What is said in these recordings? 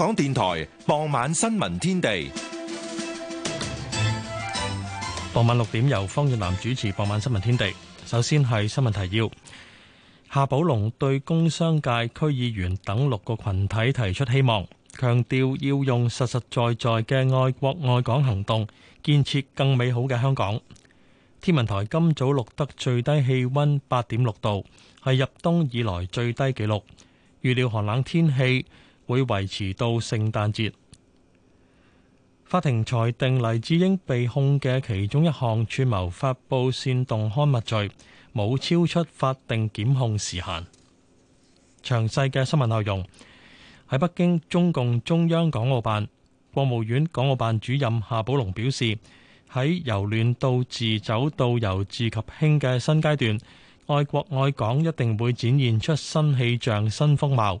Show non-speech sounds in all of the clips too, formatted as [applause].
香港電台傍晚新聞天地，傍晚六點由方曰南主持。傍晚新聞天地，首先係新聞提要。夏寶龍對工商界、區議員等六個群體提出希望，強調要用實實在在嘅愛國愛港行動，建設更美好嘅香港。天文台今早錄得最低氣溫八點六度，係入冬以來最低紀錄。預料寒冷天氣，會維持到聖誕節。法庭裁定黎智英被控嘅其中一項串謀發佈煽動刊物罪，冇超出法定檢控時限。詳細嘅新聞內容。喺北京，中共中央港澳辦、國務院港澳辦主任夏寶龍表示：喺由亂到治走到由治及興嘅新階段，愛國愛港一定會展現出新氣象、新風貌。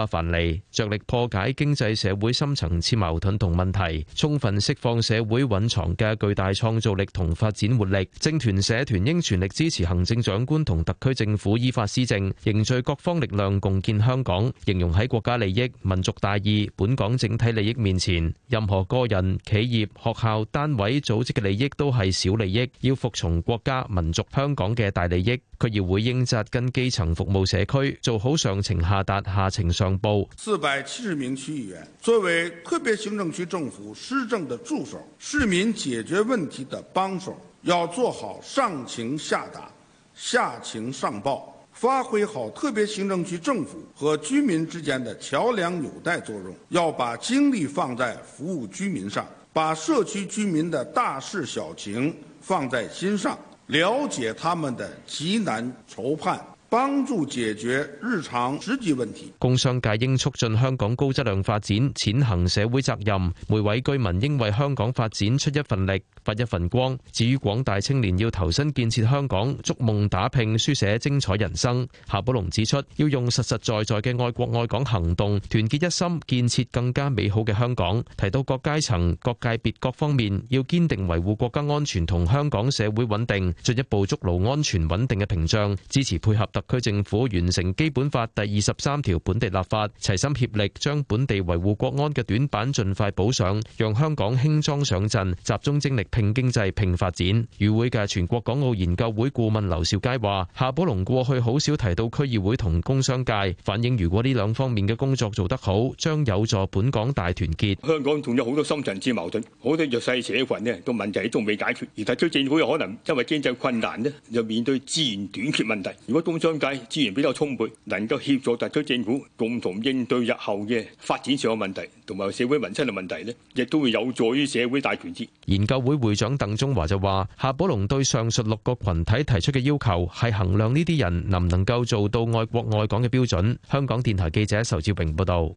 凡利着力破解經濟社會深層次矛盾同問題，充分釋放社會蘊藏嘅巨大創造力同發展活力。政團社團應全力支持行政長官同特區政府依法施政，凝聚各方力量共建香港。形容喺國家利益、民族大義、本港整體利益面前，任何個人、企業、學校、單位、組織嘅利益都係小利益，要服從國家、民族、香港嘅大利益。區議會應扎根基層服務社區，做好上情下達、下情上報。四百七十名區議員作為特別行政區政府施政的助手、市民解決問題的幫手，要做好上情下達、下情上報，發揮好特別行政區政府和居民之間的橋梁紐帶作用。要把精力放在服務居民上，把社區居民的大事小情放在心上。了解他們的急難愁盼。幫助解決日常實際問題。工商界應促進香港高質量發展，踐行社會責任。每位居民應為香港發展出一份力，發一份光。至於廣大青年要投身建設香港，逐夢打拼，書寫精彩人生。夏寶龍指出，要用實實在在嘅愛國愛港行動團結一心，建設更加美好嘅香港。提到各階層各界別各方面要堅定維護國家安全同香港社會穩定，進一步築牢安全穩定嘅屏障，支持配合特特區政府完成基本法第二十三條本地立法，齊心協力將本地維護國安嘅短板盡快補上，讓香港輕裝上陣，集中精力拼經濟、拼發展。與會嘅全國港澳研究會顧問劉兆佳話：夏寶龍過去好少提到區議會同工商界，反映如果呢兩方面嘅工作做得好，將有助本港大團結。香港仲有好多深層次矛盾，好多弱勢社群呢個問題仲未解決，而特區政府可能因為經濟困難呢，就面對資源短缺問題。如果工商界資源比較充沛，能夠協助特區政府共同應對日後嘅發展上嘅問題同埋社會民生嘅問題呢，亦都會有助於社會大團結。研究會會長鄧中華就話：夏寶龍對上述六個羣體提出嘅要求係衡量呢啲人能唔能夠做到愛國愛港嘅標準。香港電台記者仇志榮報導，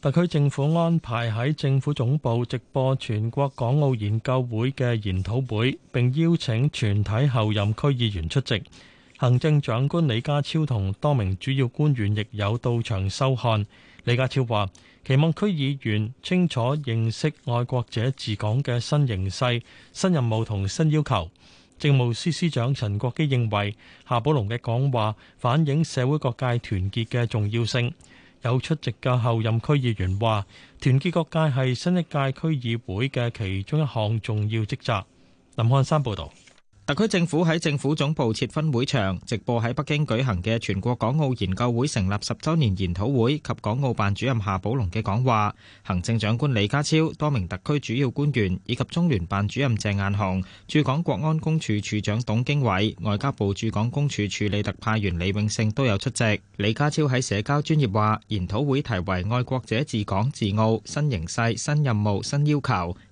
特區政府安排喺政府總部直播全國港澳研究會嘅研討會，並邀請全體候任區議員出席。行政長官李家超同多名主要官員亦有到場收看。李家超話：期望區議員清楚認識愛國者治港嘅新形勢、新任務同新要求。政務司司長陳國基認為夏寶龍嘅講話反映社會各界團結嘅重要性。有出席嘅候任區議員話：團結各界係新一屆區議會嘅其中一項重要職責。林漢山報導。特區政府喺政府總部設分會場，直播喺北京舉行嘅全國港澳研究會成立十周年研討會及港澳辦主任夏寶龍嘅講話。行政長官李家超、多名特區主要官員以及中聯辦主任鄭雁雄、駐港國安公署署長董經緯、外交部駐港公署署理特派員李永勝都有出席。李家超喺社交專業話，研討會題為《愛國者治港治澳：新形勢、新任務、新要求》。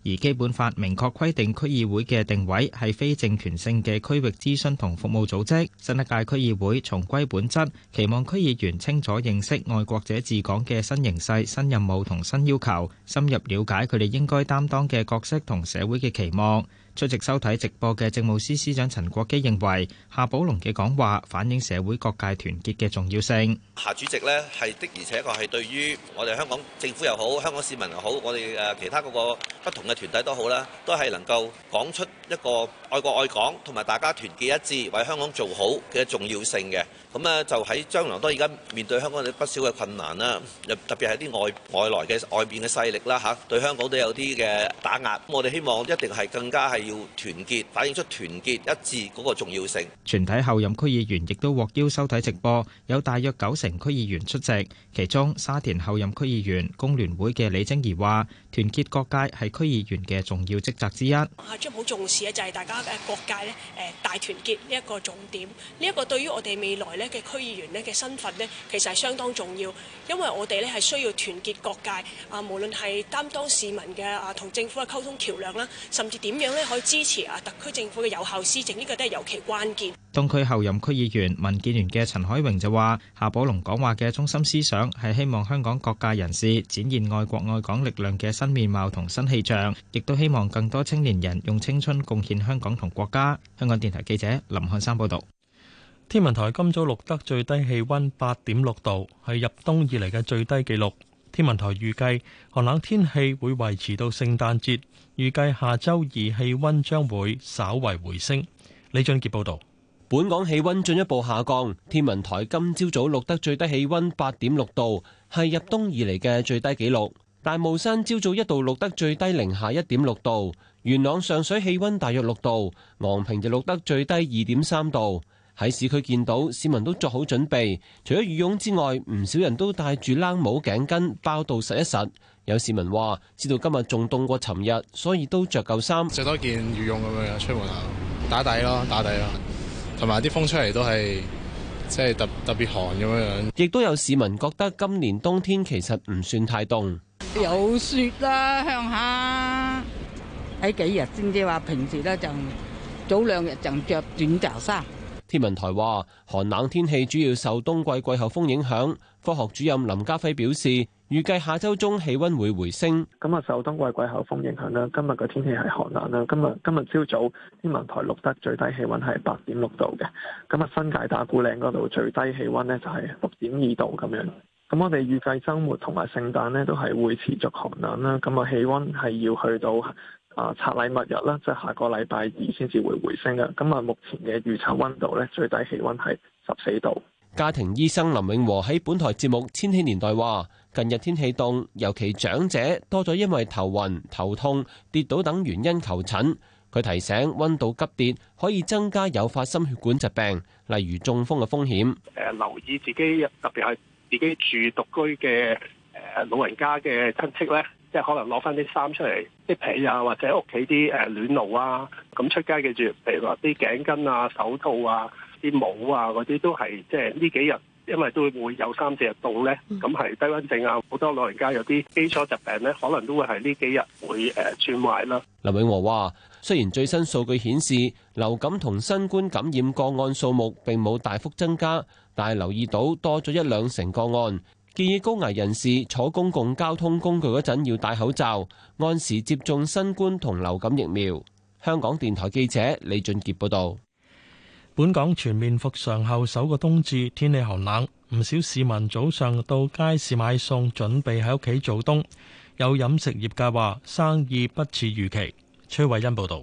而基本法明確規定區議會嘅定位係非政權性嘅區域諮詢同服務組織，新一屆區議會重歸本質，期望區議員清楚認識愛國者治港嘅新形勢、新任務同新要求，深入了解佢哋應該擔當嘅角色同社會嘅期望。出席收睇直播嘅政務司司長陳國基認為，夏寶龍嘅講話反映社會各界團結嘅重要性。夏主席咧，係的，而且確係對於我哋香港政府又好，香港市民又好，我哋誒其他嗰個不同嘅團體都好啦，都係能夠講出一個愛國愛港同埋大家團結一致為香港做好嘅重要性嘅。咁咧就喺將來當而家面對香港有不少嘅困難啦，特別係啲外外來嘅外面嘅勢力啦嚇，對香港都有啲嘅打壓。咁我哋希望一定係更加係要團結，反映出團結一致嗰個重要性。全體候任區議員亦都獲邀收睇直播，有大約九成區議員出席。其中沙田候任區議員工聯會嘅李貞儀話：團結各界係區議員嘅重要職責之一。啊，張好重視啊，就係大家嘅各界咧誒大團結呢一個重點，呢一個對於我哋未來咧。呢嘅區議員呢嘅身份呢，其實係相當重要，因為我哋呢係需要團結各界啊，無論係擔當市民嘅啊同政府嘅溝通橋樑啦，甚至點樣呢可以支持啊特區政府嘅有效施政，呢個都係尤其關鍵。東區候任區議員民建聯嘅陳海榮就話：夏寶龍講話嘅中心思想係希望香港各界人士展現愛國愛港力量嘅新面貌同新氣象，亦都希望更多青年人用青春貢獻香港同國家。香港電台記者林漢山報道。天文台今早錄得最低氣溫八點六度，係入冬以嚟嘅最低紀錄。天文台預計寒冷天氣會維持到聖誕節，預計下周二氣溫將會稍為回升。李俊杰報道，本港氣溫進一步下降。天文台今朝早錄得最低氣溫八點六度，係入冬以嚟嘅最低紀錄。大帽山朝早一度錄得最低零下一點六度，元朗上水氣溫大約六度，昂坪就錄得最低二點三度。喺市區見到市民都做好準備，除咗羽絨之外，唔少人都戴住冷帽、頸巾、包到實一實。有市民話，知道今日仲凍過尋日，所以都着夠衫，着多件羽絨咁樣樣出門口打底咯，打底咯。同埋啲風出嚟都係即係特特別寒咁樣樣。亦都有市民覺得今年冬天其實唔算太凍，有雪啦，鄉下喺幾日先至話平時咧就早兩日就着短袖衫。天文台話，寒冷天氣主要受冬季季候風影響。科學主任林家輝表示，預計下周中氣温會回升。咁啊，受冬季季候風影響啦，今日個天氣係寒冷啦。今日，今日朝早天文台錄得最低氣温係八點六度嘅。咁啊，新界打鼓嶺嗰度最低氣温咧就係六點二度咁樣。咁我哋預計週末同埋聖誕咧都係會持續寒冷啦。咁啊，氣温係要去到。啊！拆禮物日啦，即係下個禮拜二先至會回升㗎。咁啊，目前嘅預測溫度咧，最低氣溫係十四度。家庭醫生林永和喺本台節目《千禧年代》話：近日天氣凍，尤其長者多咗因為頭暈、頭痛、跌倒等原因求診。佢提醒：溫度急跌可以增加誘發心血管疾病，例如中風嘅風險。誒，留意自己，特別係自己住獨居嘅誒老人家嘅親戚咧。即係可能攞翻啲衫出嚟，啲被啊，或者屋企啲誒暖爐啊，咁出街嘅住，譬如話啲頸巾啊、手套啊、啲帽啊嗰啲，都係即係呢幾日，因為都會有三四日凍咧，咁係低温症啊，好多老人家有啲基礎疾病咧，可能都會係呢幾日會誒轉壞啦。林永和話：雖然最新數據顯示流感同新冠感染個案數目並冇大幅增加，但係留意到多咗一兩成個案。建議高危人士坐公共交通工具嗰陣要戴口罩，按時接種新冠同流感疫苗。香港電台記者李俊傑報道。本港全面復常後首個冬至，天氣寒冷，唔少市民早上到街市買餸，準備喺屋企做冬。有飲食業界話生意不似預期。崔偉恩報導。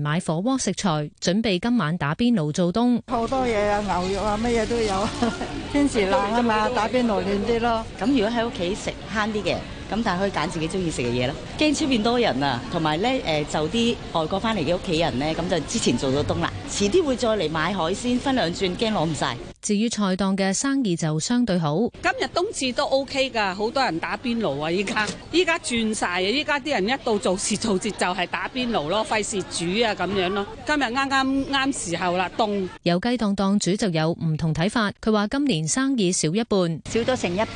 買火鍋食材，準備今晚打邊爐做冬。好多嘢啊，牛肉啊，乜嘢都有。 [laughs] 天時冷啊嘛，打邊爐暖啲咯。咁如果喺屋企食慳啲嘅，咁但係可以揀自己中意食嘅嘢咯。驚出邊多人啊，同埋咧誒，就啲外國翻嚟嘅屋企人咧，咁就之前做咗冬啦，遲啲會再嚟買海鮮，分兩轉，驚攞唔晒。至於菜檔嘅生意就相對好。今日冬至都 OK 噶，好多人打邊爐啊！依家依家轉晒，啊，依家啲人一到做事做節就係打邊爐咯，費事煮啊咁樣咯、啊。今日啱啱啱時候啦，冬。有雞檔檔主就有唔同睇法。佢話今年生意少一半，少咗成一半。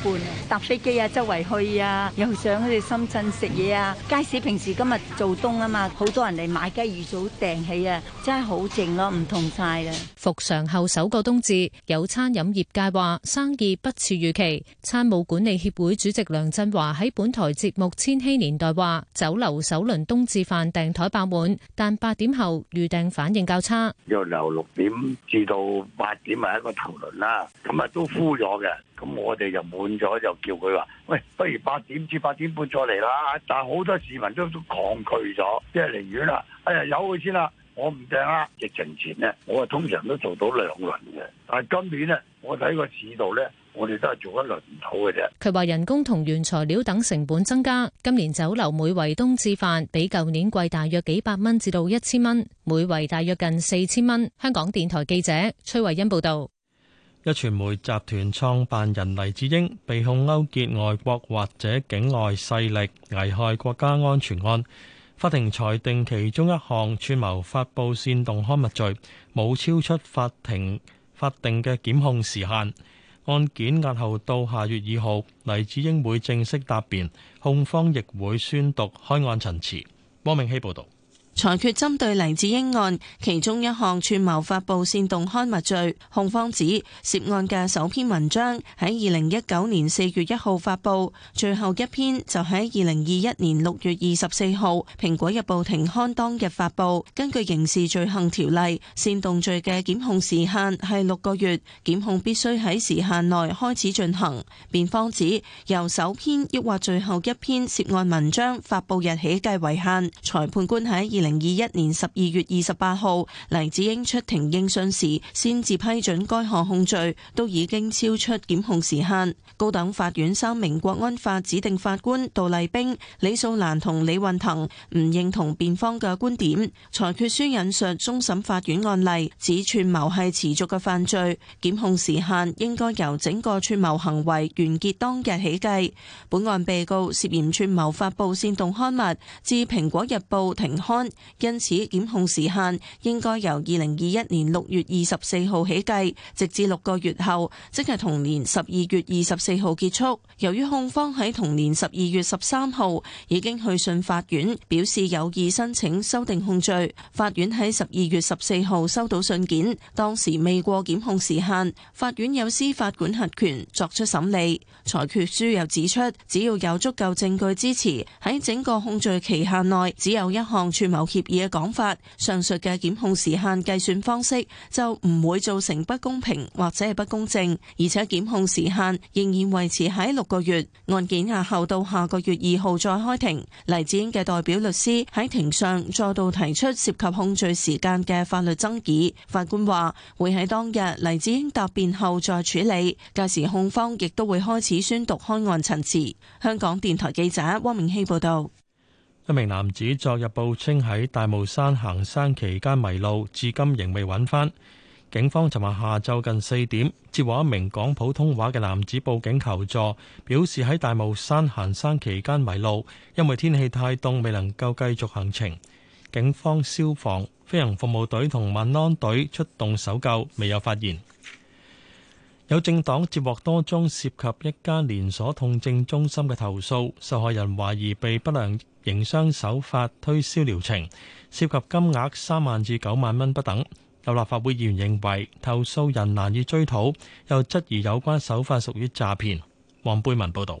搭飛機啊，周圍去啊，又上去深圳食嘢啊。街市平時今日做冬啊嘛，好多人嚟買雞魚早訂起啊，真係好靜咯，唔同晒啦。復常後首個冬至。有餐飲業界話生意不似預期，餐務管理協會主席梁振華喺本台節目《千禧年代》話，酒樓首輪冬至飯訂台爆滿，但八點後預訂反應較差。又由六點至到八點係一個頭輪啦，咁啊都敷咗嘅，咁我哋就滿咗就叫佢話，喂，不如八點至八點半再嚟啦。但係好多市民都都抗拒咗，即係離遠啦，哎呀，由佢先啦。我唔掟啊！疫情前咧，我啊通常都做到兩輪嘅，但係今年咧，我睇個市道咧，我哋都係做一輪唔到嘅啫。佢話人工同原材料等成本增加，今年酒樓每圍冬至飯比舊年貴大約幾百蚊至到一千蚊，每圍大約近四千蚊。香港電台記者崔慧欣報道。一傳媒集團創辦人黎智英被控勾結外國或者境外勢力，危害國家安全案。法庭裁定其中一項串謀發布煽動刊物罪，冇超出法庭法定嘅檢控時限。案件押後到下月二號，黎智英會正式答辯，控方亦會宣讀開案陳詞。汪明希報道。裁決針對黎智英案，其中一項串謀發布煽動刊物罪，控方指涉案嘅首篇文章喺二零一九年四月一號發布，最後一篇就喺二零二一年六月二十四號《蘋果日報》停刊當日發布。根據刑事罪行條例，煽動罪嘅檢控時限係六個月，檢控必須喺時限內開始進行。辯方指由首篇抑或最後一篇涉案文章發布日起計為限。裁判官喺二二零二一年十二月二十八號，黎智英出庭應訊時，先至批准該項控罪，都已經超出檢控時限。高等法院三名國安法指定法官杜麗冰、李素蘭同李運騰唔認同辯方嘅觀點，裁決書引述終審法院案例，指串謀係持續嘅犯罪，檢控時限應該由整個串謀行為完結當日起計。本案被告涉嫌串謀發布煽動刊物，至《蘋果日報》停刊。因此，檢控時限應該由二零二一年六月二十四號起計，直至六個月後，即係同年十二月二十四號結束。由於控方喺同年十二月十三號已經去信法院，表示有意申請修訂控罪，法院喺十二月十四號收到信件，當時未過檢控時限，法院有司法管轄權作出審理。裁決書又指出，只要有足夠證據支持喺整個控罪期限內只有一項串謀協議嘅講法，上述嘅檢控時限計算方式就唔會造成不公平或者係不公正，而且檢控時限仍然維持喺六個月。案件押後到下個月二號再開庭，黎智英嘅代表律師喺庭上再度提出涉及控罪時間嘅法律爭議。法官話會喺當日黎智英答辯後再處理，屆時控方亦都會開始。宣讀開案陳詞。香港電台記者汪明熙報道：一名男子昨日報稱喺大帽山行山期間迷路，至今仍未揾翻。警方尋日下晝近四點，接獲一名講普通話嘅男子報警求助，表示喺大帽山行山期間迷路，因為天氣太凍，未能夠繼續行程。警方、消防、飛行服務隊同民安隊出動搜救，未有發現。有政黨接獲多宗涉及一家連鎖痛症中心嘅投訴，受害人懷疑被不良營商手法推銷療程，涉及金額三萬至九萬蚊不等。有立法會議員認為投訴人難以追討，又質疑有關手法屬於詐騙。黃貝文報導，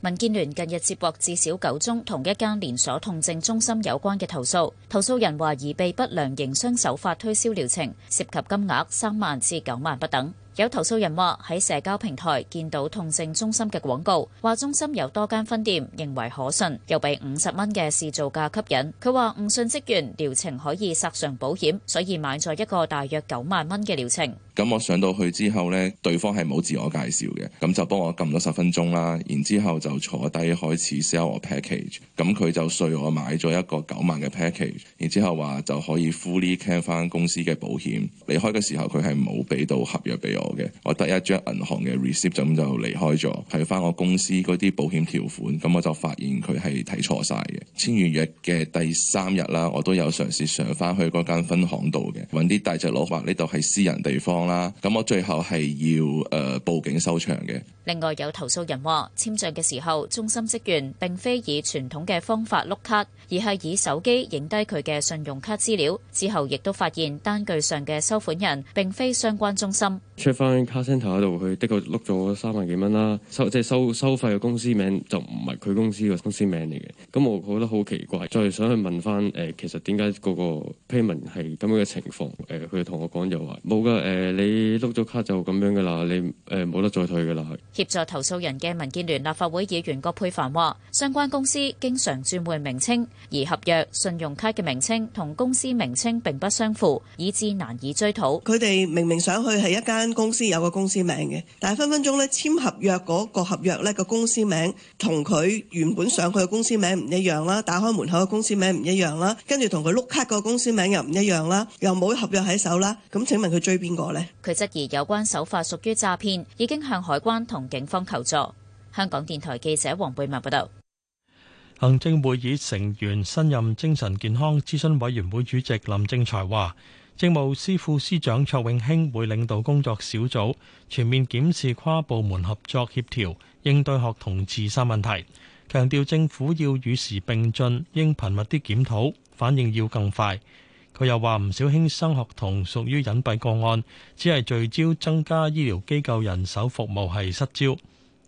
民建聯近日接獲至少九宗同一間連鎖痛症中心有關嘅投訴，投訴人懷疑被不良營商手法推銷療程，涉及金額三萬至九萬不等。有投訴人話喺社交平台見到痛症中心嘅廣告，話中心有多間分店，認為可信，又被五十蚊嘅試做價吸引。佢話唔信職員療程可以殺上保險，所以買咗一個大約九萬蚊嘅療程。咁我上到去之後呢，對方係冇自我介紹嘅，咁就幫我撳咗十分鐘啦。然之後就坐低開始 sell 我 package，咁佢就 sell 我買咗一個九萬嘅 package，然之後話就可以 fully claim 翻公司嘅保險。離開嘅時候，佢係冇俾到合約俾我。嘅，我得一張銀行嘅 receipt，咁就離開咗。睇返我公司嗰啲保險條款，咁我就發現佢係睇錯晒嘅。簽完約嘅第三日啦，我都有嘗試上返去嗰間分行度嘅，搵啲大隻佬話呢度係私人地方啦。咁我最後係要誒報警收場嘅。另外有投訴人話，簽帳嘅時候中心職員並非以傳統嘅方法碌卡，而係以手機影低佢嘅信用卡資料。之後亦都發現單據上嘅收款人並非相關中心。翻卡商頭度去，的確碌咗三萬幾蚊啦。收即係收收費嘅公司名就唔係佢公司個公司名嚟嘅。咁我覺得好奇怪，再想去問翻誒，其實點解個個 payment 係咁樣嘅情況？誒，佢同我講就話冇㗎。誒，你碌咗卡就咁樣㗎啦。你誒冇得再退㗎啦。協助投訴人嘅民建聯立法會議員郭佩凡話，相關公司經常轉換名稱，而合約、信用卡嘅名稱同公司名稱並不相符，以致難以追討。佢哋明明想去係一間。公司有個公司名嘅，但係分分鐘咧簽合約嗰個合約咧個公司名同佢原本上佢嘅公司名唔一樣啦，打開門口嘅公司名唔一樣啦，跟住同佢碌卡個公司名又唔一樣啦，又冇合約喺手啦，咁請問佢追邊個咧？佢質疑有關手法屬於詐騙，已經向海關同警方求助。香港電台記者黃貝文報道。行政會議成員、新任精神健康諮詢委員會主席林正才話。政務司副司長卓永興會領導工作小組全面檢視跨部門合作協調應對學童自殺問題，強調政府要與時並進，應頻密啲檢討，反應要更快。佢又話唔少輕生學童屬於隱蔽個案，只係聚焦增加醫療機構人手服務係失焦。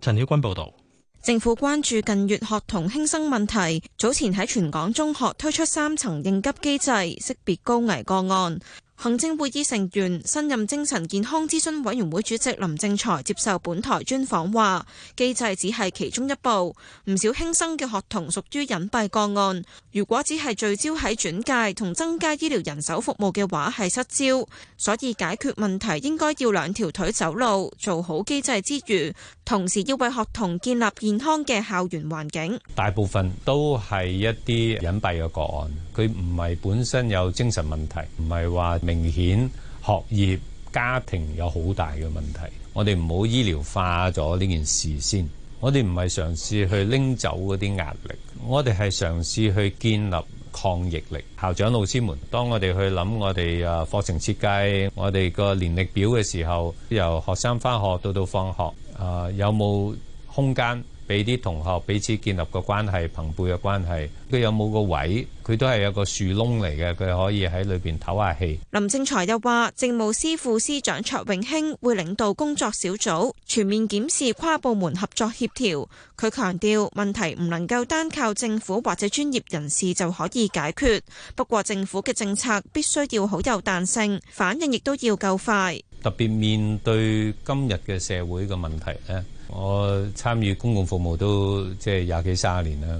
陳曉君報道。政府關注近月學童輕生問題，早前喺全港中學推出三層應急機制，識別高危個案。行政會議成員、新任精神健康諮詢委員會主席林正財接受本台專訪話：「機制只係其中一步，唔少輕生嘅學童屬於隱蔽個案。如果只係聚焦喺轉介同增加醫療人手服務嘅話，係失焦。所以解決問題應該要兩條腿走路，做好機制之餘，同時要為學童建立健康嘅校園環境。大部分都係一啲隱蔽嘅個案。佢唔係本身有精神問題，唔係話明顯學業，家庭有好大嘅問題，我哋唔好醫療化咗呢件事先。我哋唔係嘗試去拎走嗰啲壓力，我哋係嘗試去建立抗逆力。校長老師們，當我哋去諗我哋啊課程設計、我哋個年曆表嘅時候，由學生翻學到到放學啊、呃、有冇空間。俾啲同學彼此建立個關係，朋輩嘅關係，佢有冇個位，佢都係有個樹窿嚟嘅，佢可以喺裏邊唞下氣。林正財又話，政務司副司長卓永興會領導工作小組全面檢視跨部門合作協調。佢強調，問題唔能夠單靠政府或者專業人士就可以解決。不過，政府嘅政策必須要好有彈性，反應亦都要夠快。特別面對今日嘅社會嘅問題咧。我參與公共服務都即係廿幾卅年啦，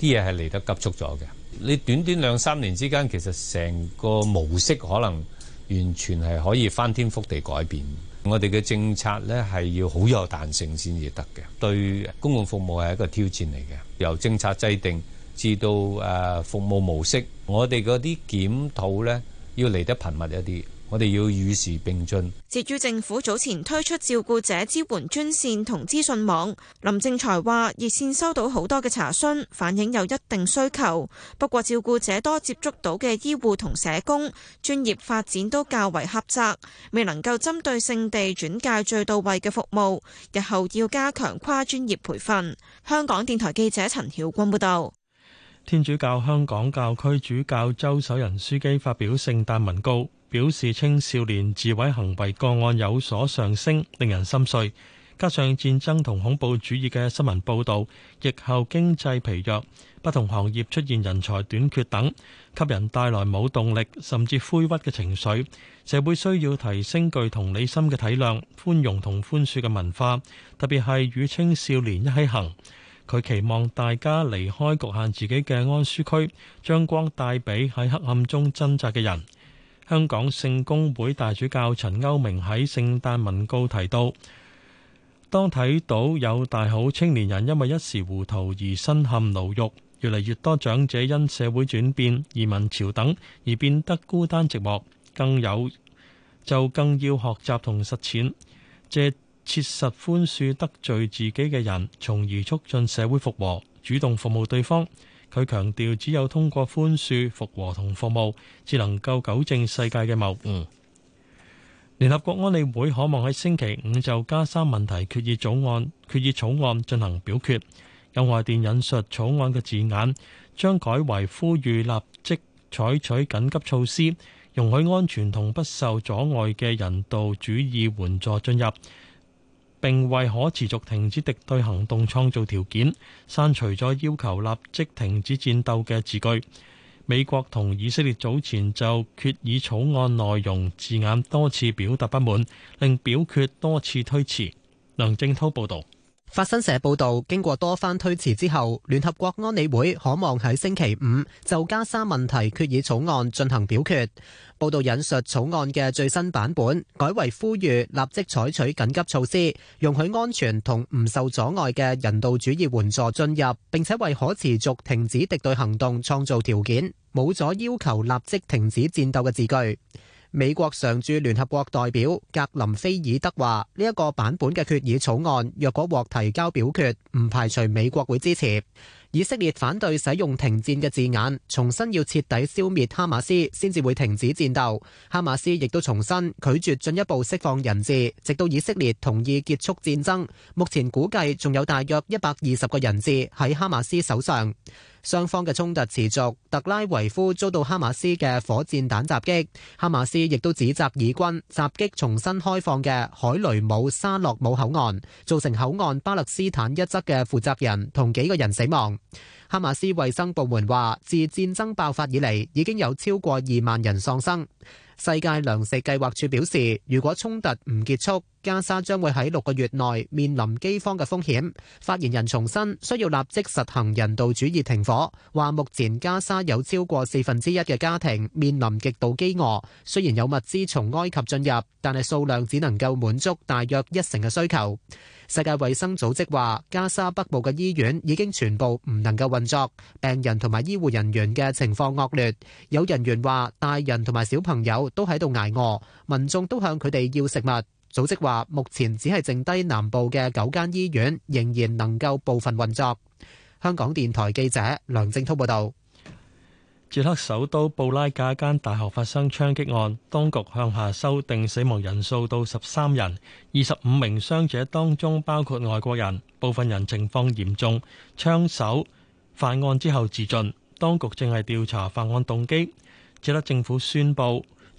啲嘢係嚟得急促咗嘅。你短短兩三年之間，其實成個模式可能完全係可以翻天覆地改變。我哋嘅政策呢係要好有彈性先至得嘅，對公共服務係一個挑戰嚟嘅。由政策制定至到誒服務模式，我哋嗰啲檢討呢要嚟得頻密一啲。我哋要與時並進。接住政府早前推出照顧者支援專線同資訊網，林正財話熱線收到好多嘅查詢，反映有一定需求。不過照顧者多接觸到嘅醫護同社工專業發展都較為狹窄，未能夠針對性地轉介最到位嘅服務，日後要加強跨專業培訓。香港電台記者陳曉君報道。天主教香港教區主教周守仁書記發表聖誕文告。表示，青少年自毀行為個案有所上升，令人心碎。加上戰爭同恐怖主義嘅新聞報導，疫後經濟疲弱，不同行業出現人才短缺等，給人帶來冇動力甚至灰鬱嘅情緒。社會需要提升具同理心嘅體諒、寬容同寬恕嘅文化，特別係與青少年一起行。佢期望大家離開局限自己嘅安舒區，將光帶俾喺黑暗中掙扎嘅人。香港聖公會大主教陳謳明喺聖誕文告提到，當睇到有大好青年人因為一時糊塗而身陷牢獄，越嚟越多長者因社會轉變、移民潮等而變得孤單寂寞，更有就更要學習同實踐，借切實寬恕得罪自己嘅人，從而促進社會復和，主動服務對方。佢強調，只有通過寬恕、復和同服務，至能夠糾正世界嘅謬誤。聯合國安理會可望喺星期五就加沙問題決議草案決議草案進行表決。有外電引述草案嘅字眼，將改為呼籲立即採取緊急措施，容許安全同不受阻礙嘅人道主義援助進入。並為可持續停止敵對行動創造條件，刪除咗要求立即停止戰鬥嘅字句。美國同以色列早前就決議草案內容字眼多次表達不滿，令表決多次推遲。梁正濤報道。法新社報道，經過多番推遲之後，聯合國安理會可望喺星期五就加沙問題決議草案進行表決。報道引述草案嘅最新版本，改為呼籲立即採取緊急措施，容許安全同唔受阻礙嘅人道主義援助進入，並且為可持續停止敵對行動創造條件，冇咗要求立即停止戰鬥嘅字句。美國常駐聯合國代表格林菲爾德話：呢一個版本嘅決議草案，若果獲提交表決，唔排除美國會支持。以色列反對使用停戰嘅字眼，重新要徹底消滅哈馬斯先至會停止戰鬥。哈馬斯亦都重申拒絕進一步釋放人質，直到以色列同意結束戰爭。目前估計仲有大約一百二十個人質喺哈馬斯手上。雙方嘅衝突持續，特拉維夫遭到哈馬斯嘅火箭彈襲擊，哈馬斯亦都指責以軍襲擊重新開放嘅海雷姆沙洛姆口岸，造成口岸巴勒斯坦一側嘅負責人同幾個人死亡。哈馬斯衛生部門話，自戰爭爆發以嚟，已經有超過二萬人喪生。世界糧食計劃署表示，如果衝突唔結束，加沙將會喺六個月內面臨饑荒嘅風險。發言人重申，需要立即實行人道主義停火，話目前加沙有超過四分之一嘅家庭面臨極度饑餓。雖然有物資從埃及進入，但係數量只能夠滿足大約一成嘅需求。世界衛生組織話，加沙北部嘅醫院已經全部唔能夠運作，病人同埋醫護人員嘅情況惡劣。有人員話，大人同埋小朋友都喺度捱餓，民眾都向佢哋要食物。組織話，目前只係剩低南部嘅九間醫院仍然能夠部分運作。香港電台記者梁正滔報導：捷克首都布拉格間大學發生槍擊案，當局向下修訂死亡人數到十三人，二十五名傷者當中包括外國人，部分人情況嚴重。槍手犯案之後自盡，當局正係調查犯案動機。捷克政府宣布。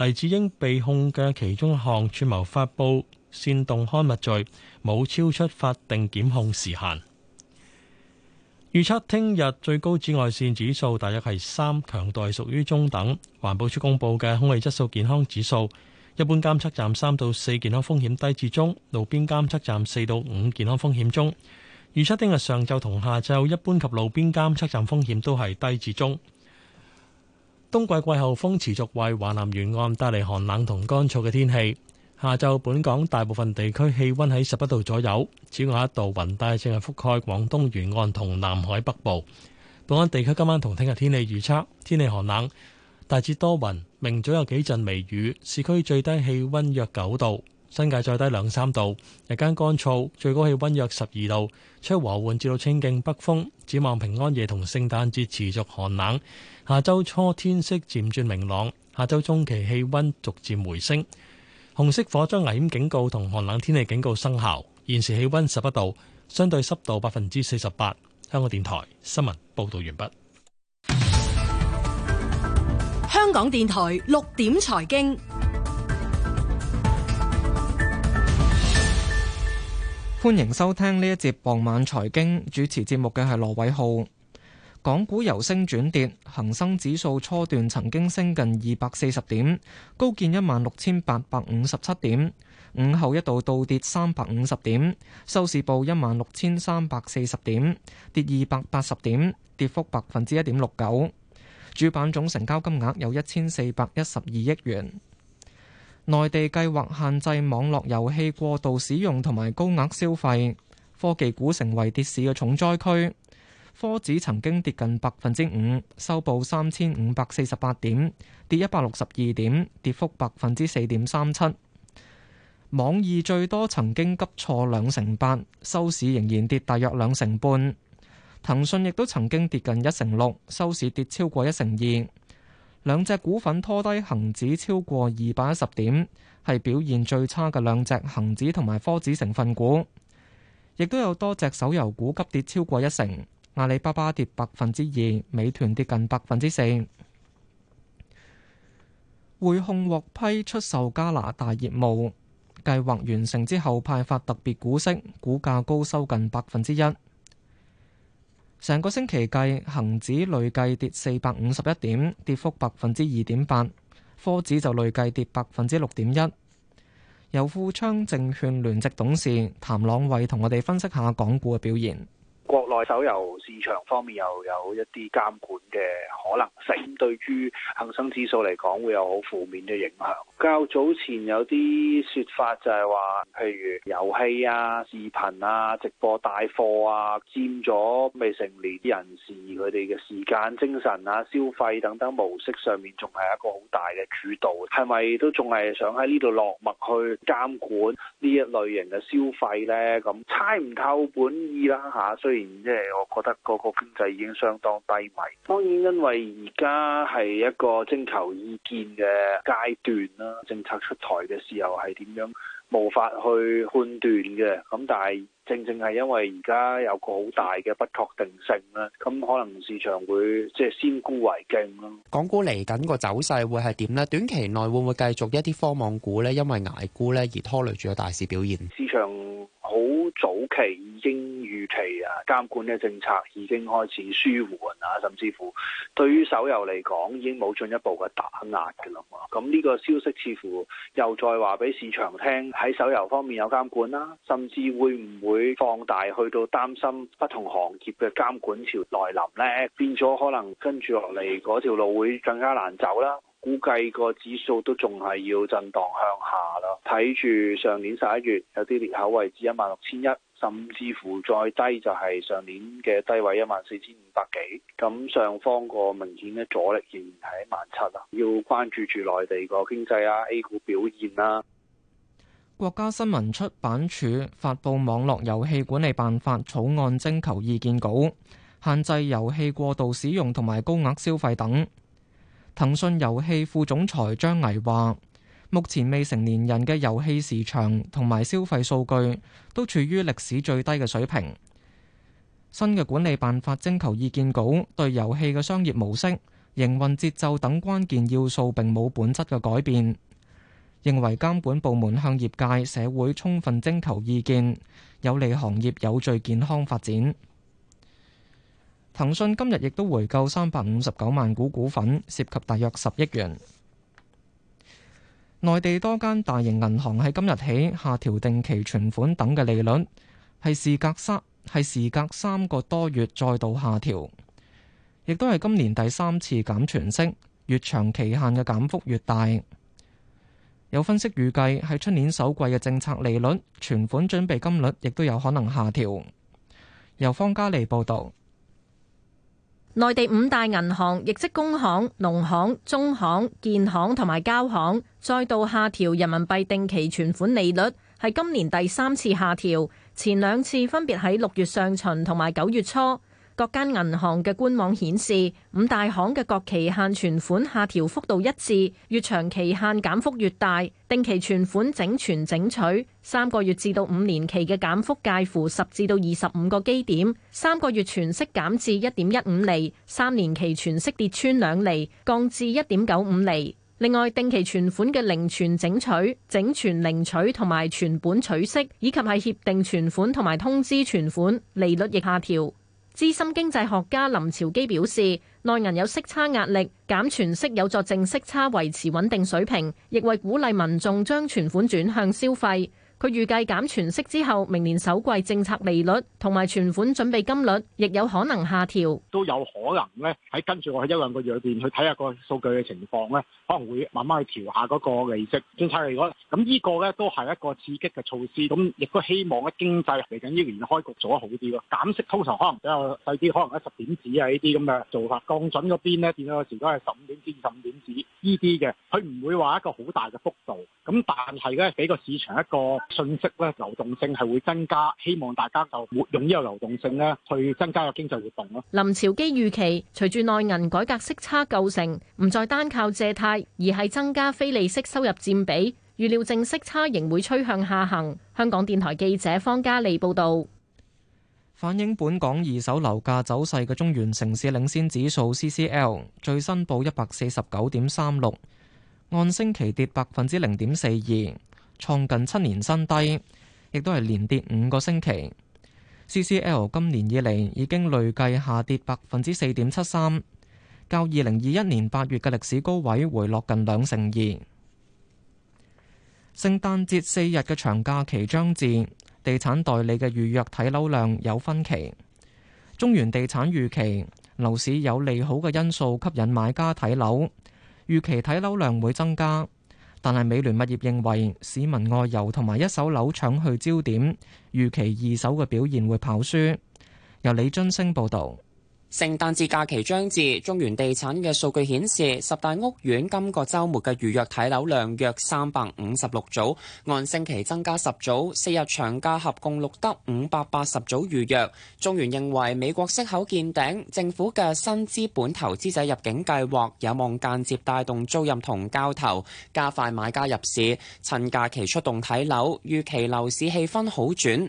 黎智英被控嘅其中一項串謀發佈煽動刊物罪，冇超出法定檢控時限。預測聽日最高紫外線指數大約係三，強度屬於中等。環保署公布嘅空氣質素健康指數，一般監測站三到四健康風險低至中，路邊監測站四到五健康風險中。預測聽日上晝同下晝一般及路邊監測站風險都係低至中。冬季季候風持續為華南沿岸帶嚟寒冷同乾燥嘅天氣。下晝本港大部分地區氣溫喺十一度左右，此外一道雲帶正係覆蓋廣東沿岸同南海北部。本港地區今晚同聽日天氣預測，天氣寒冷，大致多雲，明早有幾陣微雨。市區最低氣溫約九度，新界再低兩三度。日間乾燥，最高氣溫約十二度，吹和緩至到清勁北風，展望平安夜同聖誕節持續寒冷。下周初天色漸轉明朗，下周中期氣温逐漸回升。紅色火災危險警告同寒冷天氣警告生效。現時氣温十一度，相對濕度百分之四十八。香港電台新聞報導完畢。香港電台六點財經，歡迎收聽呢一節傍晚財經，主持節目嘅係羅偉浩。港股由升轉跌，恒生指數初段曾經升近二百四十點，高見一萬六千八百五十七點，午後一度倒跌三百五十點，收市報一萬六千三百四十點，跌二百八十點，跌幅百分之一點六九。主板總成交金額有一千四百一十二億元。內地計劃限制網絡遊戲過度使用同埋高額消費，科技股成為跌市嘅重災區。科指曾經跌近百分之五，收報三千五百四十八點，跌一百六十二點，跌幅百分之四點三七。網易最多曾經急挫兩成八，收市仍然跌大約兩成半。騰訊亦都曾經跌近一成六，收市跌超過一成二。兩隻股份拖低恒指超過二百一十點，係表現最差嘅兩隻恒指同埋科指成分股。亦都有多隻手遊股急跌超過一成。阿里巴巴跌百分之二，美團跌近百分之四。匯控獲批出售加拿大業務，計劃完成之後派發特別股息，股價高收近百分之一。成個星期計，恒指累計跌四百五十一點，跌幅百分之二點八；科指就累計跌百分之六點一。由富昌證券聯席董事譚朗偉同我哋分析下港股嘅表現。國內手遊市場方面又有，有一啲監管嘅可能性，對於恒生指數嚟講，會有好負面嘅影響。較早前有啲説法就係話，譬如遊戲啊、視頻啊、直播帶貨啊，佔咗未成年啲人士佢哋嘅時間、精神啊、消費等等模式上面，仲係一個好大嘅主導。係咪都仲係想喺呢度落墨去監管呢一類型嘅消費呢？咁猜唔透本意啦嚇。即係我覺得嗰個經濟已經相當低迷。當然，因為而家係一個徵求意見嘅階段啦，政策出台嘅時候係點樣無法去判斷嘅。咁但係。正正係因為而家有個好大嘅不確定性啦，咁可能市場會即係先沽為敬咯。港股嚟緊個走勢會係點咧？短期內會唔會繼續一啲科網股咧，因為挨沽咧而拖累住個大市表現？市場好早期已經預期啊，監管嘅政策已經開始舒緩啊，甚至乎對於手遊嚟講，已經冇進一步嘅打壓噶啦。咁呢個消息似乎又再話俾市場聽喺手遊方面有監管啦，甚至會唔會？佢放大去到擔心不同行業嘅監管潮來臨咧，變咗可能跟住落嚟嗰條路會更加難走啦。估計個指數都仲係要震蕩向下啦。睇住上年十一月有啲裂口位置一萬六千一，甚至乎再低就係上年嘅低位一萬四千五百幾。咁上方個明顯嘅阻力仍然係一萬七啊，要關注住內地個經濟啊，A 股表現啦。國家新聞出版署發布網絡遊戲管理辦法草案徵求意見稿，限制遊戲過度使用同埋高額消費等。騰訊遊戲副總裁張毅話，目前未成年人嘅遊戲時長同埋消費數據都處於歷史最低嘅水平。新嘅管理辦法徵求意見稿對遊戲嘅商業模式、營運節奏等關鍵要素，並冇本質嘅改變。認為監管部門向業界、社會充分徵求意見，有利行業有序健康發展。騰訊今日亦都回購三百五十九萬股股份，涉及大約十億元。內地多間大型銀行喺今日起下調定期存款等嘅利率，係時隔三，係時隔三個多月再度下調，亦都係今年第三次減存息，越長期限嘅減幅越大。有分析預計，喺出年首季嘅政策利率、存款準備金率亦都有可能下調。由方嘉利報導，內地五大銀行，亦即工行、農行、中行、建行同埋交行，再度下調人民幣定期存款利率，係今年第三次下調，前兩次分別喺六月上旬同埋九月初。各間銀行嘅官網顯示，五大行嘅各期限存款下調幅度一致，越長期限減幅越大。定期存款整存整取三個月至到五年期嘅減幅介乎十至到二十五個基點，三個月存息減至一點一五厘，三年期存息跌穿兩厘，降至一點九五厘。另外，定期存款嘅零存整取、整存零取同埋存本取息，以及係協定存款同埋通知存款利率亦下調。資深經濟學家林朝基表示，內銀有息差壓力，減存息有助淨息差維持穩定水平，亦為鼓勵民眾將存款轉向消費。佢預計減存息之後，明年首季政策利率同埋存款準備金率亦有可能下調，都有可能咧，喺跟住我喺一兩個月裏邊去睇下個數據嘅情況咧，可能會慢慢去調下嗰個利息政策嚟講。咁呢個咧都係一個刺激嘅措施，咁亦都希望嘅經濟嚟緊呢年開局做得好啲咯。減息通常可能比較細啲，可能一十點子啊呢啲咁嘅做法，降準嗰邊咧，變咗時都係十五點至二十五點子呢啲嘅，佢唔會話一個好大嘅幅度。咁但係咧俾個市場一個。信息咧流動性係會增加，希望大家就活用呢個流動性咧，去增加個經濟活動咯。林朝基預期，隨住內銀改革息差構成唔再單靠借貸，而係增加非利息收入佔比，預料正息差仍會趨向下行。香港電台記者方嘉利報道。反映本港二手樓價走勢嘅中原城市領先指數 CCL 最新報一百四十九點三六，按星期跌百分之零點四二。創近七年新低，亦都係連跌五個星期。CCL 今年以嚟已經累計下跌百分之四點七三，較二零二一年八月嘅歷史高位回落近兩成二。聖誕節四日嘅長假期將至，地產代理嘅預約睇樓量有分歧。中原地產預期，樓市有利好嘅因素吸引買家睇樓，預期睇樓量會增加。但係美聯物業認為市民外遊同埋一手樓搶去焦點，預期二手嘅表現會跑輸。由李津升報導。聖誕節假期將至，中原地產嘅數據顯示，十大屋苑今個周末嘅預約睇樓量約三百五十六組，按星期增加十組。四日長假合共錄得五百八十組預約。中原認為美國息口見頂，政府嘅新資本投資者入境計劃有望間接帶動租賃同交投，加快買家入市，趁假期出動睇樓，預期樓市氣氛好轉。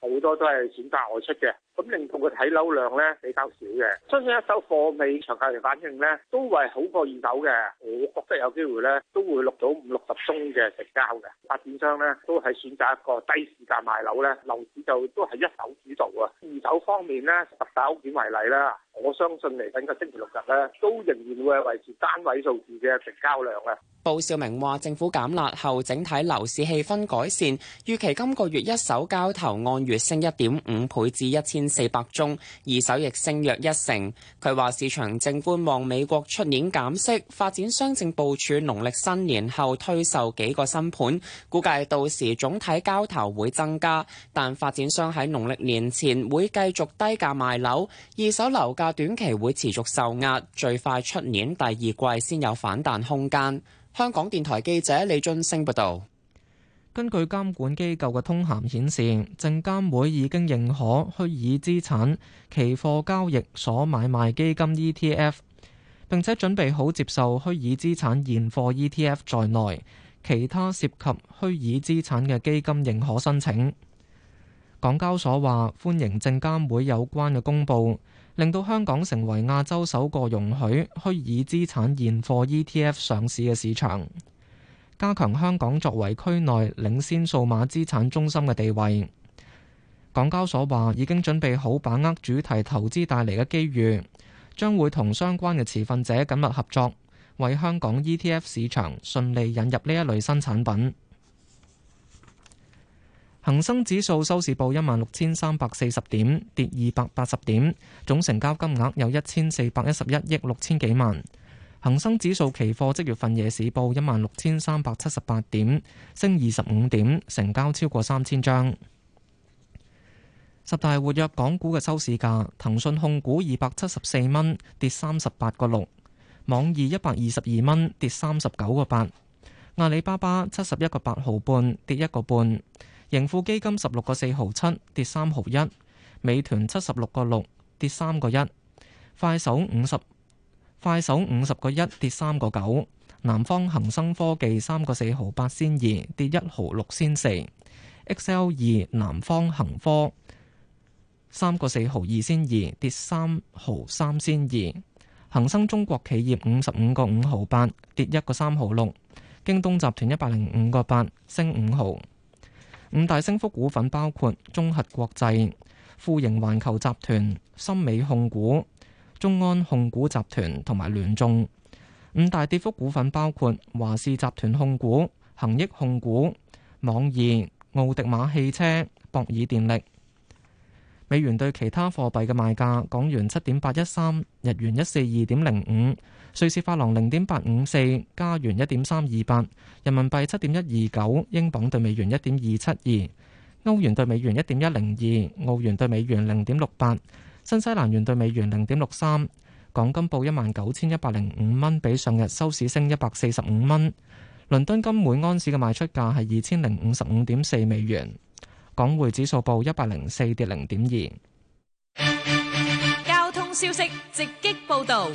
好多都係選擇外出嘅，咁令到佢睇樓量咧比較少嘅。相信一手貨尾長假期反應咧都係好過二手嘅，我覺得有機會咧都會錄到五六十宗嘅成交嘅。發展商咧都係選擇一個低市價賣樓咧，樓市就都係一手主導啊。二手方面咧，十大屋苑為例啦，我相信嚟緊個星期六日咧都仍然會係維持單位數字嘅成交量啊。報少明話：政府減壓後，整體樓市氣氛改善，預期今個月一手交投按月升一點五倍至一千四百宗，二手亦升約一成。佢話市場正觀望美國出年減息，發展商正部署農曆新年後推售幾個新盤，估計到時總體交投會增加。但發展商喺農曆年前會繼續低價賣樓，二手樓價短期會持續受壓，最快出年第二季先有反彈空間。香港電台記者李津升報道。根據監管機構嘅通函顯示，證監會已經認可虛擬資產期貨交易所買賣基金 ETF，並且準備好接受虛擬資產現貨 ETF 在內其他涉及虛擬資產嘅基金認可申請。港交所話歡迎證監會有關嘅公佈，令到香港成為亞洲首個容許虛擬資產現貨 ETF 上市嘅市場。加強香港作為區內領先數碼資產中心嘅地位。港交所話已經準備好把握主題投資帶嚟嘅機遇，將會同相關嘅持份者緊密合作，為香港 ETF 市場順利引入呢一類新產品。恒生指數收市報一萬六千三百四十點，跌二百八十點，總成交金額有一千四百一十一億六千幾萬。恒生指數期貨即月份夜市報一萬六千三百七十八點，升二十五點，成交超過三千張。十大活躍港股嘅收市價：騰訊控股二百七十四蚊，跌三十八個六；網易一百二十二蚊，跌三十九個八；阿里巴巴七十一個八毫半，跌一個半；盈富基金十六個四毫七，跌三毫一；美團七十六個六，跌三個一；快手五十。 [noise] 快手五十個一跌三個九，南方恒生科技三個四毫八仙二跌一毫六仙四，XL 二南方恒科三個四毫二仙二跌三毫三仙二，恒生中國企業五十五個五毫八跌一個三毫六，京東集團一百零五個八升五毫。五大升幅股份包括中核國際、富盈環球集團、森美控股。中安控股集團同埋聯眾。五大跌幅股份包括華氏集團控股、恆益控股、網易、奧迪馬汽車、博爾電力。美元對其他貨幣嘅賣價：港元七點八一三，日元一四二點零五，瑞士法郎零點八五四，加元一點三二八，人民幣七點一二九，英鎊兌美元一點二七二，歐元兌美元一點一零二，澳元兌美元零點六八。新西蘭元兌美元零點六三，港金報一萬九千一百零五蚊，比上日收市升一百四十五蚊。倫敦金每安士嘅賣出價係二千零五十五點四美元，港匯指數報一百零四跌零點二。交通消息直擊報道。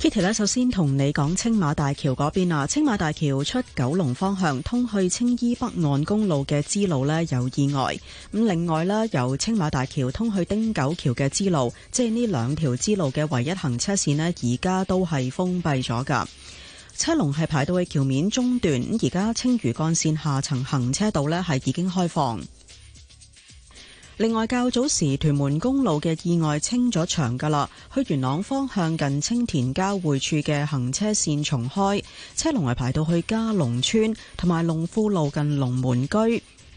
Kitty 咧，Katie，首先同你講青馬大橋嗰邊啊，青馬大橋出九龍方向通去青衣北岸公路嘅支路呢，有意外咁。另外呢，由青馬大橋通去汀九橋嘅支路，即係呢兩條支路嘅唯一行車線呢，而家都係封閉咗噶，車龍係排到去橋面中段，而家青嶼幹線下層行車道呢，係已經開放。另外，較早時屯門公路嘅意外清咗場㗎啦，去元朗方向近青田交匯處嘅行車線重開，車龍係排到去嘉龍村同埋龍富路近龍門居。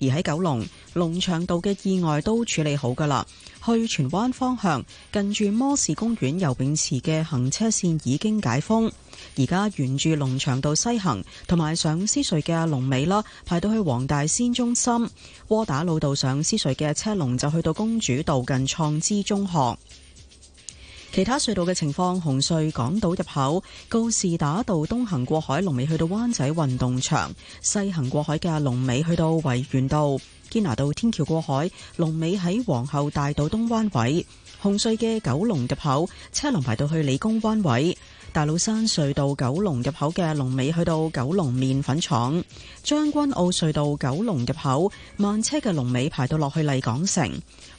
而喺九龍龍翔道嘅意外都處理好㗎啦，去荃灣方向近住摩士公園游泳池嘅行車線已經解封。而家沿住龍翔道西行，同埋上獅隧嘅龍尾啦，排到去黃大仙中心。窩打老道上獅隧嘅車龍就去到公主道近創知中學。其他隧道嘅情況，紅隧港島入口，告士打道東行過海龍尾去到灣仔運動場，西行過海嘅龍尾去到維園道。堅拿道天橋過海龍尾喺皇后大道東彎位。紅隧嘅九龍入口，車龍排到去理工彎位。大老山隧道九龍入口嘅龍尾去到九龍麵粉廠，將軍澳隧道九龍入口慢車嘅龍尾排到落去麗港城，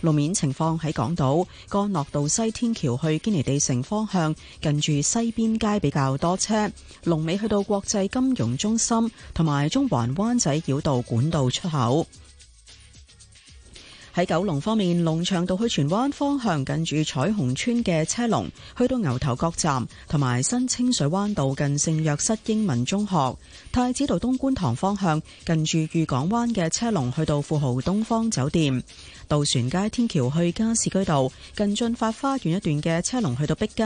路面情況喺港島干諾道西天橋去堅尼地城方向，近住西邊街比較多車，龍尾去到國際金融中心同埋中環灣仔繞道管道出口。喺九龍方面，龍翔道去荃灣方向近住彩虹邨嘅車龍，去到牛頭角站同埋新清水灣道近聖約瑟英文中學；太子道東觀塘方向近住御港灣嘅車龍，去到富豪東方酒店；渡船街天橋去加士居道近駿發花園一段嘅車龍，去到碧街；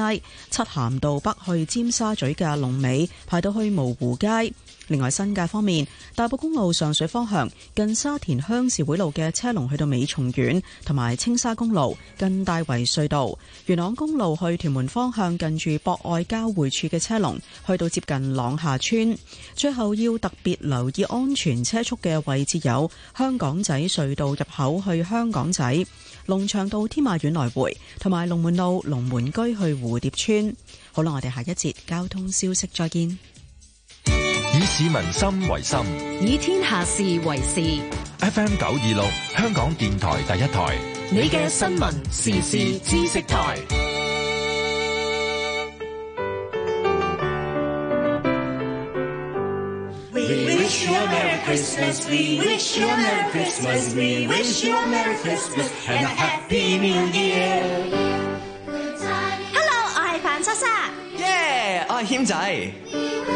漆咸道北去尖沙咀嘅龍尾排到去蕪湖街。另外，新界方面，大埔公路上水方向近沙田鄉事會路嘅車龍去到美松苑，同埋青沙公路近大圍隧道；元朗公路去屯門方向近住博愛交匯處嘅車龍去到接近朗下村。最後要特別留意安全車速嘅位置有香港仔隧道入口去香港仔、龍翔道天馬苑來回，同埋龍門路龍門居去蝴蝶村。好啦，我哋下一節交通消息，再見。以市民心為心，以天下事為事。FM 九二六，香港電台第一台，你嘅新聞時事知識台。Hello，我係范莎莎。Yeah，我係謙仔。